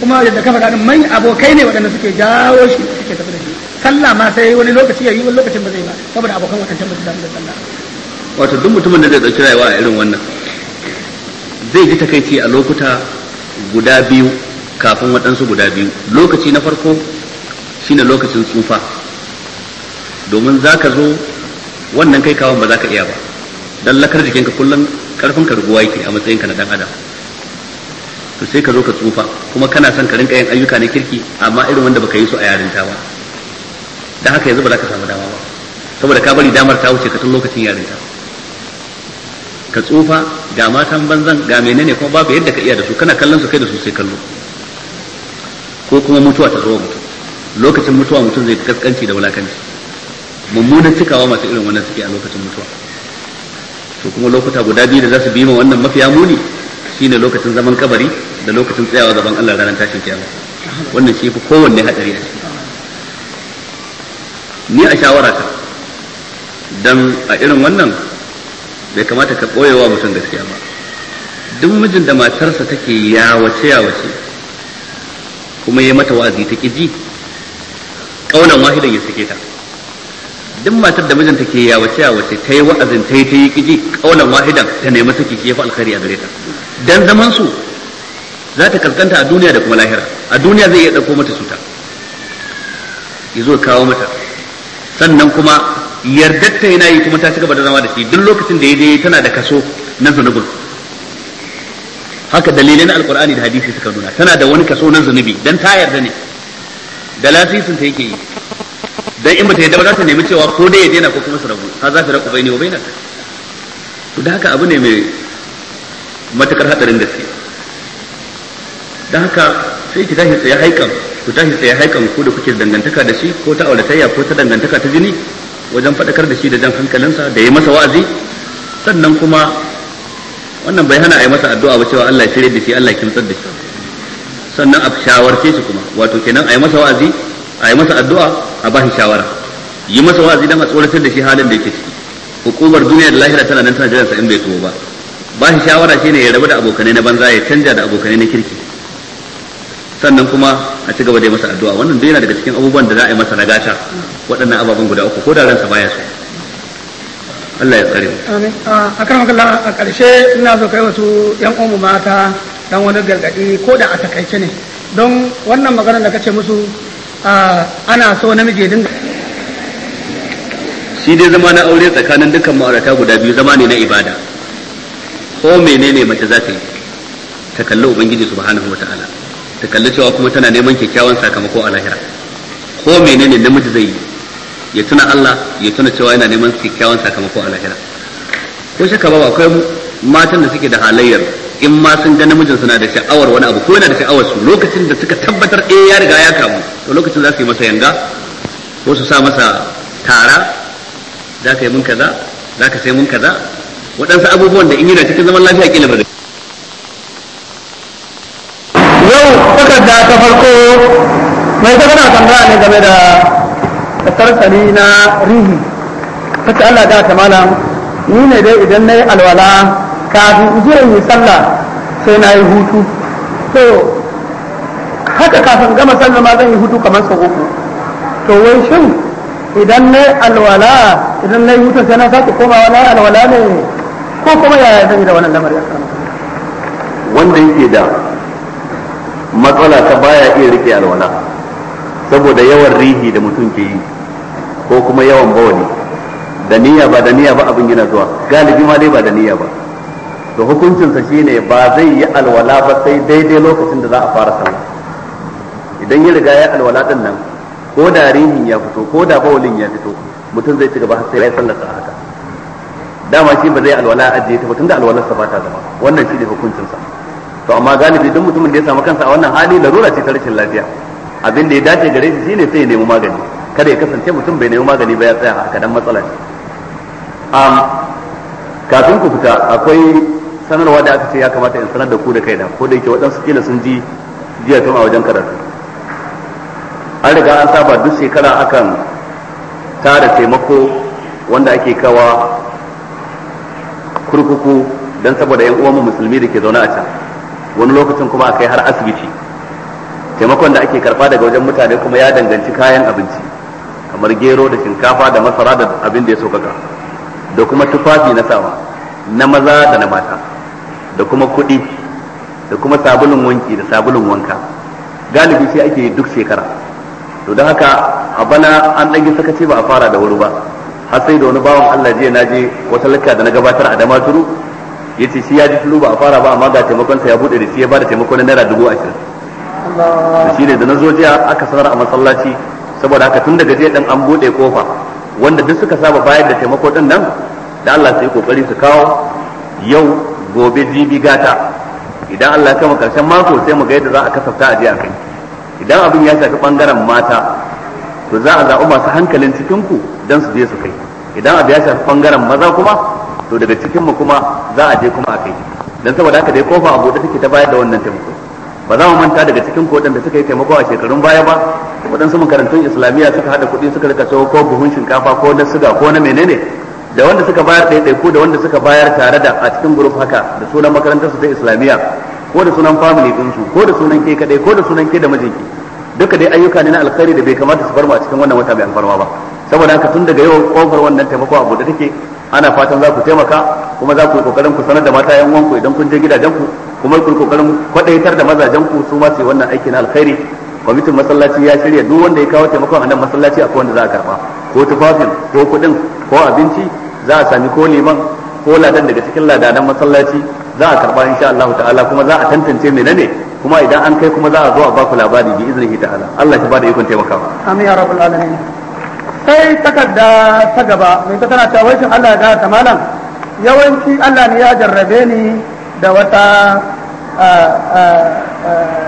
kuma yadda kafa faɗa mai abokai ne waɗanda suke jawo shi suke tafi da shi sallah ma sai wani lokaci ya yi wani lokacin ba zai ba saboda abokan waɗancan ba su damu da sallah wato duk mutumin da zai ɗauki rayuwa a irin wannan zai ji takaici a lokuta guda biyu kafin waɗansu guda biyu lokaci na farko shine lokacin tsufa domin za ka zo wannan kai kawon ba za ka iya ba dan lakar jikinka kullum karfin ka rubuwa yake a matsayin ka na dan adam to sai ka zo ka tsufa kuma kana son ka rinka yin ayyuka na kirki amma irin wanda baka yi su a yarinta ba dan haka yanzu ba za ka samu dama ba saboda ka bari damar ta wuce ka tun lokacin yarinta ka tsufa ga matan banzan ga menene kuma babu yadda ka iya da su kana kallon su kai da su sai kallo ko kuma mutuwa ta zo mutum lokacin mutuwa mutum zai kaskanci da wulakanci mummunan cikawa masu irin wannan suke a lokacin mutuwa to kuma lokuta guda biyu da za su bi wannan mafiya muni shine lokacin zaman kabari da lokacin tsayawa gaban Allah ranar tashin kiyama wannan shi fi kowanne hadari a ciki ni a shawara ta dan a irin wannan bai kamata ka koyewa mutum gaskiya ba duk mijin da matarsa take yawace yawace kuma ya mata wazi ta ji kaunan wahidan ya sake ta duk matar da mijinta ke ya wace ya wace ta yi wa'azin ta yi ta yi kiji kaunan wahidan ta nemi saki shi yafi alkhairi a gare ta dan zaman su za ta kaskanta a duniya da kuma lahira a duniya zai iya dauko mata cuta ya zo kawo mata sannan kuma yardar ta yana yi kuma ta ci gaba da zama da shi duk lokacin da ya je tana da kaso na zunubin haka dalilin alkur'ani da hadisi suka nuna tana da wani kaso na zunubi dan ta yarda ne da lasisin ta yake yi dan in bata yadda ba za ta nemi cewa ko dai ya daina ko kuma su rabu ha za ta rabu bai ne wa bainar to da haka abu ne mai matakar hadarin gaske da haka sai ki tashi tsaye haikan ku tashi tsaye haikan ku da kuke dangantaka da shi ko ta auratayya ko ta dangantaka ta jini wajen faɗakar da shi da jan hankalinsa da yi masa wa'azi sannan kuma wannan bai hana a yi masa addu'a ba cewa Allah ya shirye da shi Allah ya kimtsar da shi sannan a shawarce shi kuma wato kenan a yi masa wa'azi a yi masa addu'a a ba shi shawara yi masa wa'azi dan a tsoratar da shi halin da yake ciki hukumar duniya da lahira tana nan tana jiransa in bai tuwo ba ba shi shawara shine ya rabu da abokanai na banza ya canja da abokanai na kirki sannan kuma a ci gaba da masa addu'a wannan duk yana daga cikin abubuwan da za a yi masa nagata waɗannan ababen guda uku ko da ransa baya su Allah ya tsare amin a kan a ƙarshe ina so kai wasu yan uwan mata dan wani gargadi ko da a takaice ne don wannan maganar da kace musu ana so namiji ya dinga shi dai zama na aure tsakanin dukkan ma'aurata guda biyu zama ne na ibada ko menene mace za ta yi ta kalli ubangiji subhanahu wataala ta kalli cewa kuma tana neman kyakkyawan sakamako a lahira ko menene namiji zai yi ya tuna Allah ya tuna cewa yana neman kyakkyawan sakamako a lahira ko shi ba akwai matan da suke da halayyar in ma sun ga namijin suna da sha'awar wani abu ko yana da sha'awar su lokacin da suka tabbatar eh ya riga ya kamu to lokacin za su yi masa yanga ko su sa masa tara za ka yi mun kaza za ka sai mun kaza waɗansu abubuwan da in yana cikin zaman lafiya kila ba yau takarda ta farko mai ta gana tambaya ne game da tattarsari na rihi ta Allah da ta malam ni ne dai idan na yi alwala kafin jiya in yi sallah sai na yi hutu to haka kafin gama sallah ma zan yi hutu kamar sau uku to wai shin idan na alwala idan na yi hutu sai na sake koma wani alwala ne ko kuma yaya zan yi da wannan lamarin wanda yake da matsala ta baya iya rike alwala saboda yawan rihi da mutum ke yi ko kuma yawan bawani da niyya ba da niyya ba abin yana zuwa galibi ma dai ba da niyya ba to hukuncinsa shine ba zai yi alwala ba sai daidai lokacin da za a fara sallah idan ya riga ya alwala din nan ko da rihin ya fito ko da bawulin ya fito mutum zai ci gaba har sai ya sallar sa haka dama shi ba zai alwala ajiye ta ba tunda alwalarsa ba ta zama wannan shine hukuncinsa to amma galibi duk mutumin da ya samu kansa a wannan hali larura ce ta rashin lafiya abin da ya dace gare shi shine sai ya nemi magani kada ya kasance mutum bai nemi magani ba ya tsaya haka dan matsala ce kafin ku fita akwai sanarwa da aka ce ya kamata in sanar da ku da kai da ko da yake waɗansu kila sun ji jiya tun a wajen karatu an riga an saba duk shekara akan tara taimako wanda ake kawa kurkuku don saboda yan uwanmu musulmi da ke zaune a can wani lokacin kuma a kai har asibiti taimakon da ake karba daga wajen mutane kuma ya danganci kayan abinci kamar gero da shinkafa da masara da abin da ya sokaka da kuma tufafi na sawa na maza da na mata da kuma kuɗi da kuma sabulun wanki da sabulun wanka galibi sai ake yi duk shekara to don haka a bana an ɗan sakaci ba a fara da wuri ba har sai da wani bawan Allah jiya na je wata lakka da na gabatar a damaturu ya ce shi ya ji tulu ba a fara ba amma ga taimakonsa ya buɗe da shi ya bada da na naira dubu ashirin da shi ne da na zo jiya aka sanar a masallaci saboda haka tun daga jiya ɗan an buɗe kofa wanda duk suka saba bayar da taimako ɗin nan da Allah sai kokari su kawo yau gobe jibi gata idan Allah ya kama karshen mako sai mu ga yadda za a kasafta ajiya a kai idan abin ya shafi bangaren mata to za a zaɓi masu hankalin cikin ku dan su je su kai idan abu ya shafi bangaren maza kuma to daga cikin mu kuma za a je kuma a kai dan saboda haka dai kofa a bude take ta bayar da wannan taimako ba za mu manta daga cikin ku wadanda suka yi taimako a shekarun baya ba waɗansu makarantun islamiyya suka haɗa kuɗi suka rika sayo ko buhun shinkafa ko na siga ko na menene da wanda suka bayar ko da wanda suka bayar tare da a cikin group haka da sunan makarantar su ta islamiyya ko da sunan family din su ko da sunan ke kadai ko da sunan ke da mijinki duka dai ayyuka ne na alkhairi da bai kamata su farma a cikin wannan wata mai alfarma ba saboda haka tun daga yau kofar wannan taimako a buɗe take ana fatan za ku taimaka kuma za ku yi kokarin ku sanar da mata yan wanku idan kun je gidajen ku kuma ku yi kokarin kwadaitar da ku su ma su yi wannan aiki na alkhairi kwamitin masallaci ya shirya duk wanda ya kawo taimakon a nan masallaci akwai wanda za a karba ko tufafin ko kuɗin ko abinci za a sami ko liman ko ladan daga cikin ladanan masallaci za a karba insha Allah ta'ala kuma za a tantance menene kuma idan an kai kuma za a zo a baku labari bi iznihi ta'ala Allah ya bada ikon taimakawa amin ya rabbul alamin sai takarda ta gaba mai ta tana ta shin Allah ya ta malam yawanci Allah ne ya jarrabe ni da wata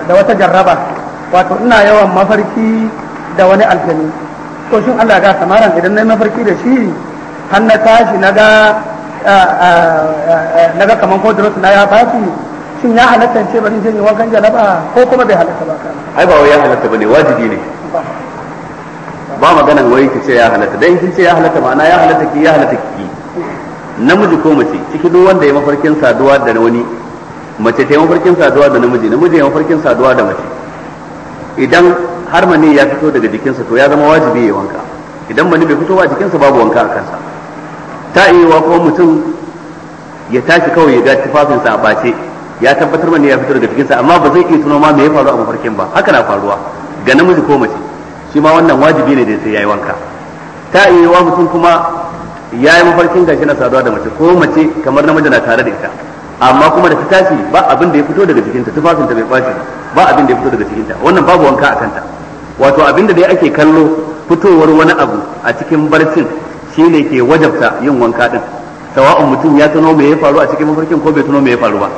da wata jarraba wato ina yawan mafarki da wani aljani to shin Allah ya ta malam idan na mafarki da shi har na tashi na ga kamar kodros na ya fashi shin ya halatta ce bari jin wankan janaba ko kuma bai halatta ba ka ai ba wai ya halatta bane wajibi ne ba maganan wai ki ce ya halatta dan kin ce ya halatta ma'ana ya halatta ki ya halatta ki namiji ko mace cikin duk wanda ya mafarkin saduwa da wani mace ta yi mafarkin saduwa da namiji namiji ya mafarkin saduwa da mace idan har mani ya fito daga jikinsa to ya zama wajibi ya wanka idan mani bai fito ba jikinsa babu wanka a kansa ta iya kuma mutum ya tashi kawai ya ga tufafinsa a bace ya tabbatar mana ya fitar da cikinsa amma ba zai iya tuno ma me ya faru a mafarkin ba haka na faruwa ga namiji ko mace shi ma wannan wajibi ne da sai yayi wanka ta iya wa mutum kuma ya yi mafarkin gashi na saduwa da mace ko mace kamar namiji na tare da ita amma kuma da ta tashi ba abin da ya fito daga cikinta tufafinta bai bace ba abin da ya fito daga cikinta wannan babu wanka a kanta wato abin da dai ake kallo fitowar wani abu a cikin barcin shi ne ke wajabta yin wanka din sawa'un mutum ya tuno me ya faru a cikin mafarkin ko bai tuno me ya faru ba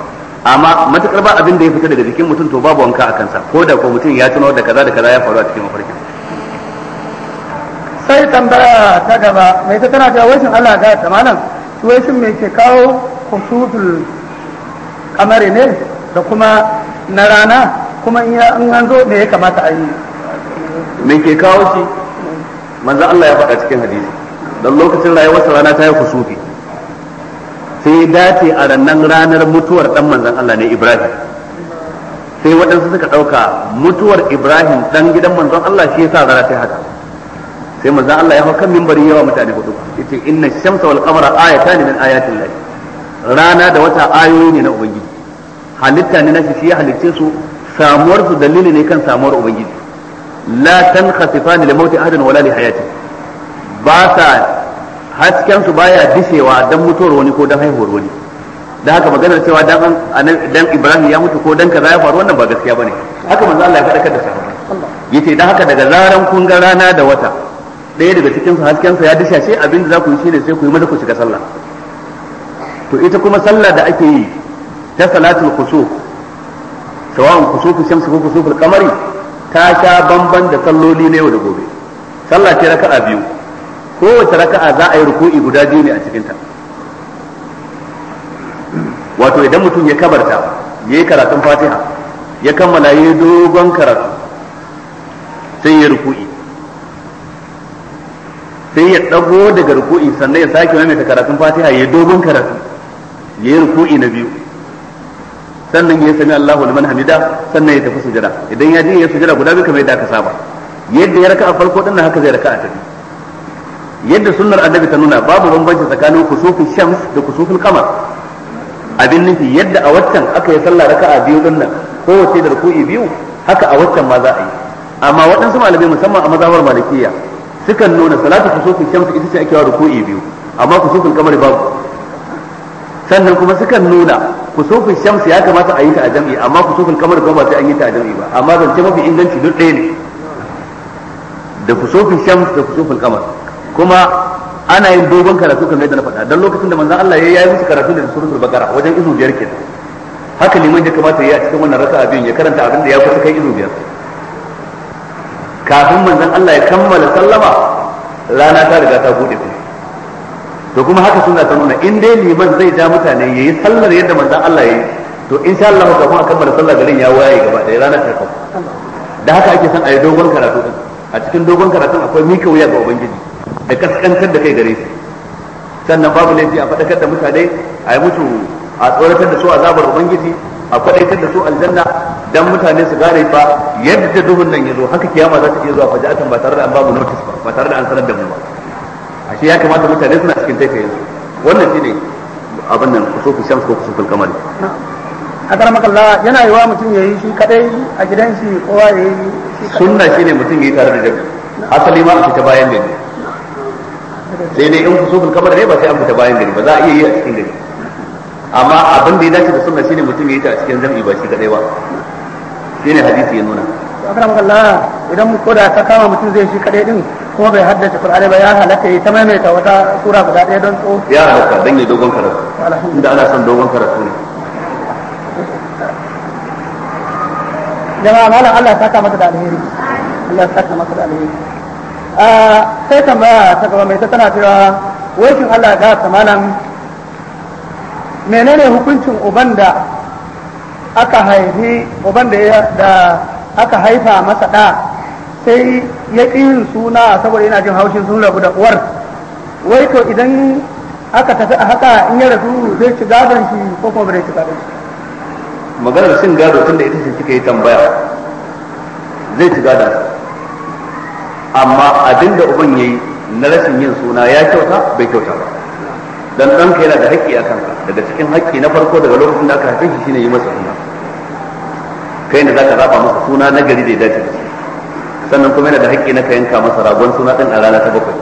amma matukar ba abin da ya fita daga jikin mutum to babu wanka a kansa ko da ko mutum ya tuno da kaza da kaza ya faru a cikin mafarkin sai tambaya ta gaba mai ta tana cewa washin Allah ga ta malam shi washin me ke kawo kusutul kamari ne da kuma na rana kuma in an zo me ya kamata a yi me ke kawo shi manzo Allah ya faɗa cikin hadisi don lokacin rayuwarsa rana ta yi kusufi sai dace a rannan ranar mutuwar dan manzon Allah ne Ibrahim sai waɗansu suka ɗauka mutuwar Ibrahim dan gidan manzon Allah shi yasa rana ta haka sai manzon Allah ya hau kan mimbari yawa mutane hudu yace inna shamsa wal qamara ayatan min ayatin lahi rana da wata ayoyi ne na ubangiji halitta ne na shi ya halicce su samuwar su dalili ne kan samuwar ubangiji la khasifani li mauti ahadin wala li hayatihi ba sa hasken su baya dishewa dan mutuwar wani ko dan haihuwar wani da haka maganar cewa dan dan Ibrahim ya mutu ko dan kaza ya faru wannan ba gaskiya bane haka manzo Allah ya faɗakar da sahaba yace dan haka daga zaran kun ga rana da wata daya daga cikin su hasken sa ya dishe sai abin da za ku yi shine sai ku yi ku shiga sallah to ita kuma sallah da ake yi ta salatul kusuf sawa'un kusufu shamsi ko kusufu qamari ta sha bamban da salloli na yau da gobe sallah ce raka'a biyu kowace raka'a za a yi ruku'i guda biyu ne a cikin ta wato idan mutum ya kabarta ya yi karatun fatiha ya kammala ya yi dogon karatu sai ya ruku'i sai ya ɗago daga ruku'i sannan ya sake ta karatun fatiha ya yi dogon karatu ya yi ruku'i na biyu sannan ya sami Allahu liman hamida sannan ya tafi sujada idan ya je ya sujada guda biyu kamar yadda aka saba yadda ya raka a farko din haka zai raka a tafi yadda sunnar annabi ta nuna babu bambanci tsakanin kusufin shams da kusufin kamar abin nufi yadda a waccan aka yi sallah raka'a biyu din nan kowace da ruku'i biyu haka a waccan ma za a yi amma waɗansu malamai musamman a mazhabar malikiya sukan nuna salatu kusufin shams ita ce ake wa ruku'i biyu amma kusufin kamar babu sannan kuma sukan nuna kusufin shams ya kamata a yi ta a jam'i amma kusufin kamar kuma ba sai an yi ta a jam'i ba amma zance mafi inganci duk ɗaya ne da kusufin shams da kusufin kamar kuma ana yin dogon karatu kamar yadda na faɗa dan lokacin da manzon Allah ya yi musu karatu da suratul gara wajen izu biyar kenan haka liman ya kamata ya cikin wannan raka'a biyun ya karanta abin da ya kusa kai izu biyar kafin manzon Allah ya kammala sallama rana ta riga ta bude to kuma haka suna ta nuna in dai liman zai ja mutane yayi sallar yadda manzon Allah yayi to insha Allah kafin a kammala sallar garin ya waye gaba da rana ta kawo da haka ake son a yi dogon karatu din a cikin dogon karatun akwai mika wuya ga ubangiji da kaskantar da kai gare su sannan babu laifi a faɗakar da mutane a yi mutu a tsoratar da su a zabar ubangiji a faɗaitar da su aljanna dan mutane su gane fa yadda duhun nan ya zo haka kiyama za ta iya zuwa faja'atan ba tare da an babu notice ba ba tare da an sanar da mu ba ashe ya kamata mutane suna cikin yanzu wannan shine abin nan kusufin shams ko kusufin kamari a karmakalla yana yi wa mutum ya yi shi kadai a gidan shi kowa ya yi shi sunna shine mutum ya yi tare da jami'a asali ma a fita bayan da ne sai dai in kusufin kamar ne ba sai an fita bayan gari ba za a iya yi a cikin gari amma abin da ya dace da sunna shine mutum ya yi ta a cikin jam'i ba shi kadai ba shine hadisi ya nuna akram Allah idan ko da ta kama mutum zai shi kadai din kuma bai haddace Qur'ani ba ya halatta yi ta maimaita wata sura guda daya don tso ya halatta dan yi dogon karatu inda ana son dogon karatu ne jama'a malam Allah saka mata da alheri Allah saka mata da alheri sai tambaya ta gaba mai ta tana cewa wakin Allah ga samanan menene hukuncin uban da aka haifi uban da aka haifa masa da sai ya yin suna saboda yana jin haushin sun rabu da uwar wai to idan aka tafi a haka in ya rasu zai ci gadon shi ko kuma bai ci gadon shi maganar cin gado tun da ita ce kika yi tambaya zai ci gadon amma abin da uban yayi na rashin yin suna ya kyauta bai kyauta ba dan ɗanka yana da haƙƙi a kanka daga cikin haƙƙi na farko daga lokacin da aka haife shi shine yi masa suna kai ne zaka zaba masa suna na gari da ya dace da shi sannan kuma yana da haƙƙi na ka yanka masa ragon suna din a rana ta bakwai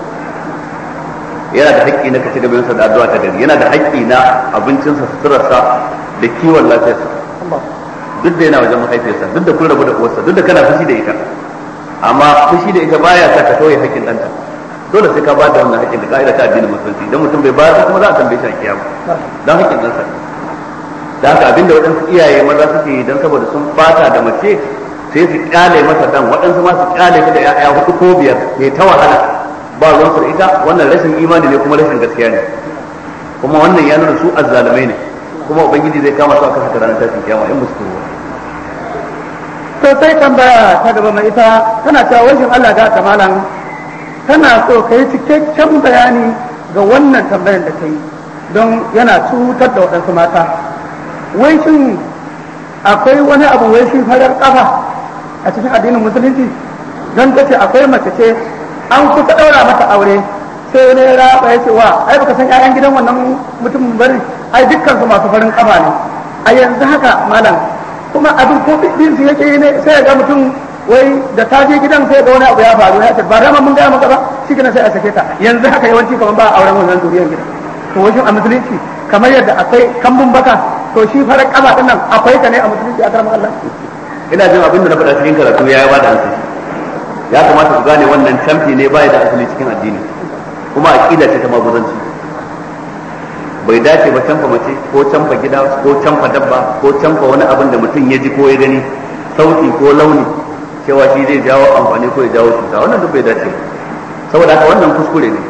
yana da haƙƙi na ka ci sa da addu'a ta gari yana da haƙƙi na abincinsa suturarsa da kiwon lafiyarsa duk da yana wajen mahaifiyarsa duk da kun rabu da uwarsa duk da kana fushi da ita amma shi da ita baya sa ka tauye haƙƙin ɗanta dole sai ka ba da wannan haƙƙin da ka'ida ta addinin musulunci idan mutum bai bayar kuma za a tambaye shi a kiyama dan haƙƙin ɗansa da haka abinda waɗansu iyaye maza suke yi don saboda sun fata da mace sai su kyale masa dan waɗansu ma su kyale ta da ya hudu ko biyar ne ta wahala ba zan su ita wannan rashin imani ne kuma rashin gaskiya ne kuma wannan ya nuna su azzalumai ne kuma ubangiji zai kama su akan haka ranar tashin kiyama in musu to sai tambaya ta gaba mai ita tana cewa wajen Allah ga kamalan tana so ka yi cikakken bayani ga wannan tambayar da ta yi don yana cutar da waɗansu mata wai akwai wani abu wai shi farar kafa a cikin addinin musulunci don ta ce akwai mace ce an kusa ɗaura mata aure sai wani ya raba ya ce wa ai baka san 'ya'yan gidan wannan mutumin bari ai dukkan su masu farin kafa ne a yanzu haka malam kuma abin ko din su yake yi ne sai ga mutum wai da ta je gidan sai ga wani abu ya faru ya ce ba dama mun gaya maka ba shi kana sai a sake ta yanzu haka yawanci kaman ba a auren wannan zuriyar gidan to wajen a musulunci kamar yadda akwai kambun baka to shi farar kaba din nan akwai ka ne a musulunci a karamar Allah ina jin abin da na faɗa cikin karatu ya yi ba da hankali ya kamata ku gane wannan camfi ne ba da asali cikin addini kuma aƙida ce ta maguzanci bai dace ba canfa mace ko canfa gida ko canfa dabba ko canfa wani abin da mutum ya ji ko ya gani sauti ko launi cewa shi zai jawo amfani ko ya jawo cuta wannan duk bai dace saboda haka wannan kuskure ne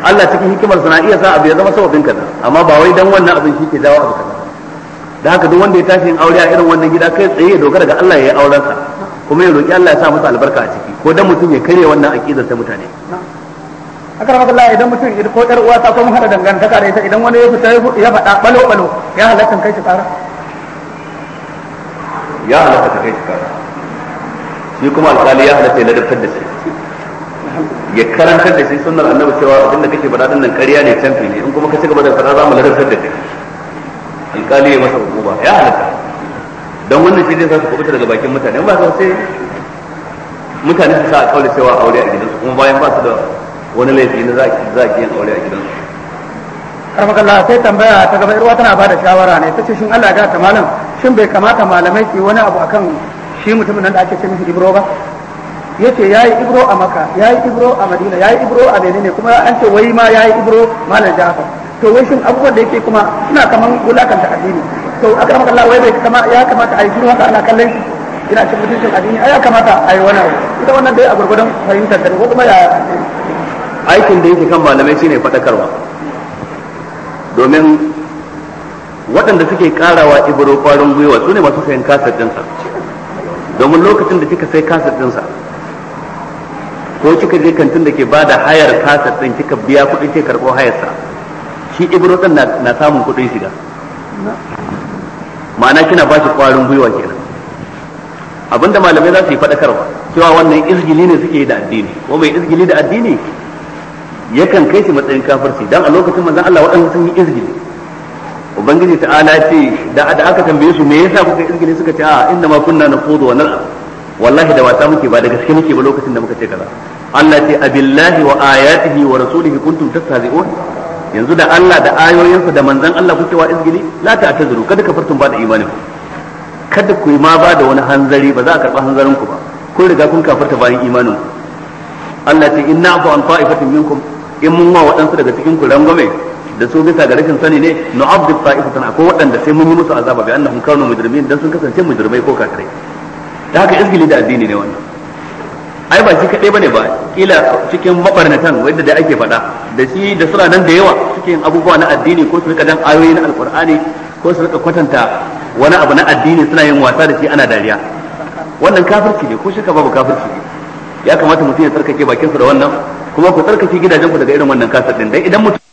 Allah cikin hikimar na iya sa abu ya zama sababin kaza amma ba wai dan wannan abin shi ke jawo abu kaza da haka duk wanda ya tashi yin aure a irin wannan gida kai tsaye ya dogara ga Allah ya yi aurensa kuma ya roki Allah ya sa masa albarka a ciki ko dan mutum ya karya wannan aqidar ta mutane akara maka Allah idan mutum idan ko ɗar uwa ta ko hada dangantaka da ita idan wani ya fita ya faɗa balo balo ya halatta kai shi tsara ya halatta kai shi tsara shi kuma alƙali ya halatta ya ladabtar da shi ya karantar da shi sunnar annabi cewa abin da kake faɗa din nan ƙarya ne can fili in kuma ka cigaba da faɗa za mu ladabtar da kai alƙali ya masa hukuma ya halatta don wannan shi zai sa su kubuta daga bakin mutane ba sai mutane su sa a kaula cewa aure a gidansu kuma bayan ba su da wani laifi na zaki zaki yin aure a gidansu karmakalla sai tambaya ta gaba irwa tana bada shawara ne ta ce shin Allah ga ta malam shin bai kamata malamai ke wani abu akan shi mutumin nan da ake ce mishi ibro ba yace yayi ibro a maka yayi ibro a madina yayi ibro a menene kuma an ce wai ma yayi ibro malam jafar to wai shin abubuwan da yake kuma suna kaman wulakanta addini to akramakallah wai bai kama ya kamata a yi shiru haka ana kallon shi ina cin mutuncin addini ai ya kamata a yi wani abu ita wannan dai a gurgurdan fahimtar da ta ko kuma ya aikin da yake kan malamai shine faɗakarwa domin waɗanda suke karawa ibro farin gwiwa su ne masu sayan kasar dinsa domin lokacin da kika sai kasar dinsa ko kika je kantin da ke ba da hayar kasar ɗin kika biya kuɗi ke karɓo hayarsa shi ibro ɗin na samun kuɗin shiga ma'ana kina ba shi farin gwiwa kenan abinda malamai za su yi faɗakarwa cewa wannan izgili ne suke yi da addini ko mai izgili da addini yakan kai shi matsayin kafirci dan a lokacin manzon Allah waɗanda sun yi izgili ubangiji ta'ala ce da da aka tambaye su me yasa kuka izgili suka ce a inna ma kunna naqudu wa nal'a wallahi da wata muke ba da gaske muke ba lokacin da muka ce kaza Allah ce abillahi wa ayatihi wa rasulihi kuntum tastahzi'un yanzu da Allah da ayoyinsa da manzon Allah kuke wa izgili la ta'tazuru kada ka fartun ba da imanin kada ku ma ba da wani hanzari ba za a karba hanzarin ku ba kun riga kun kafarta bayan imanin ku Allah ce inna afu an fa'ifatin minkum in mun ma waɗansu daga cikin ku rangwame da su bisa ga rashin sani ne nu abdu ta'ifatan akwai waɗanda sai mun yi musu azaba bi annahum kanu mujrimin dan sun kasance mujrimai ko kakare. da haka izgili da addini ne wannan ai ba shi kaɗai ba ne ba kila cikin mabarnatan wanda da ake faɗa da shi da suna nan da yawa suke yin abubuwa na addini ko su rika dan ayoyi na alqur'ani ko su rika kwatanta wani abu na addini suna yin wasa da shi ana dariya wannan kafirci ne ko ka babu kafirci ne ya kamata mutum ya tsarkake bakinsa da wannan kuma ku tsarkake gidajenku daga irin wannan kasar din dai idan mutum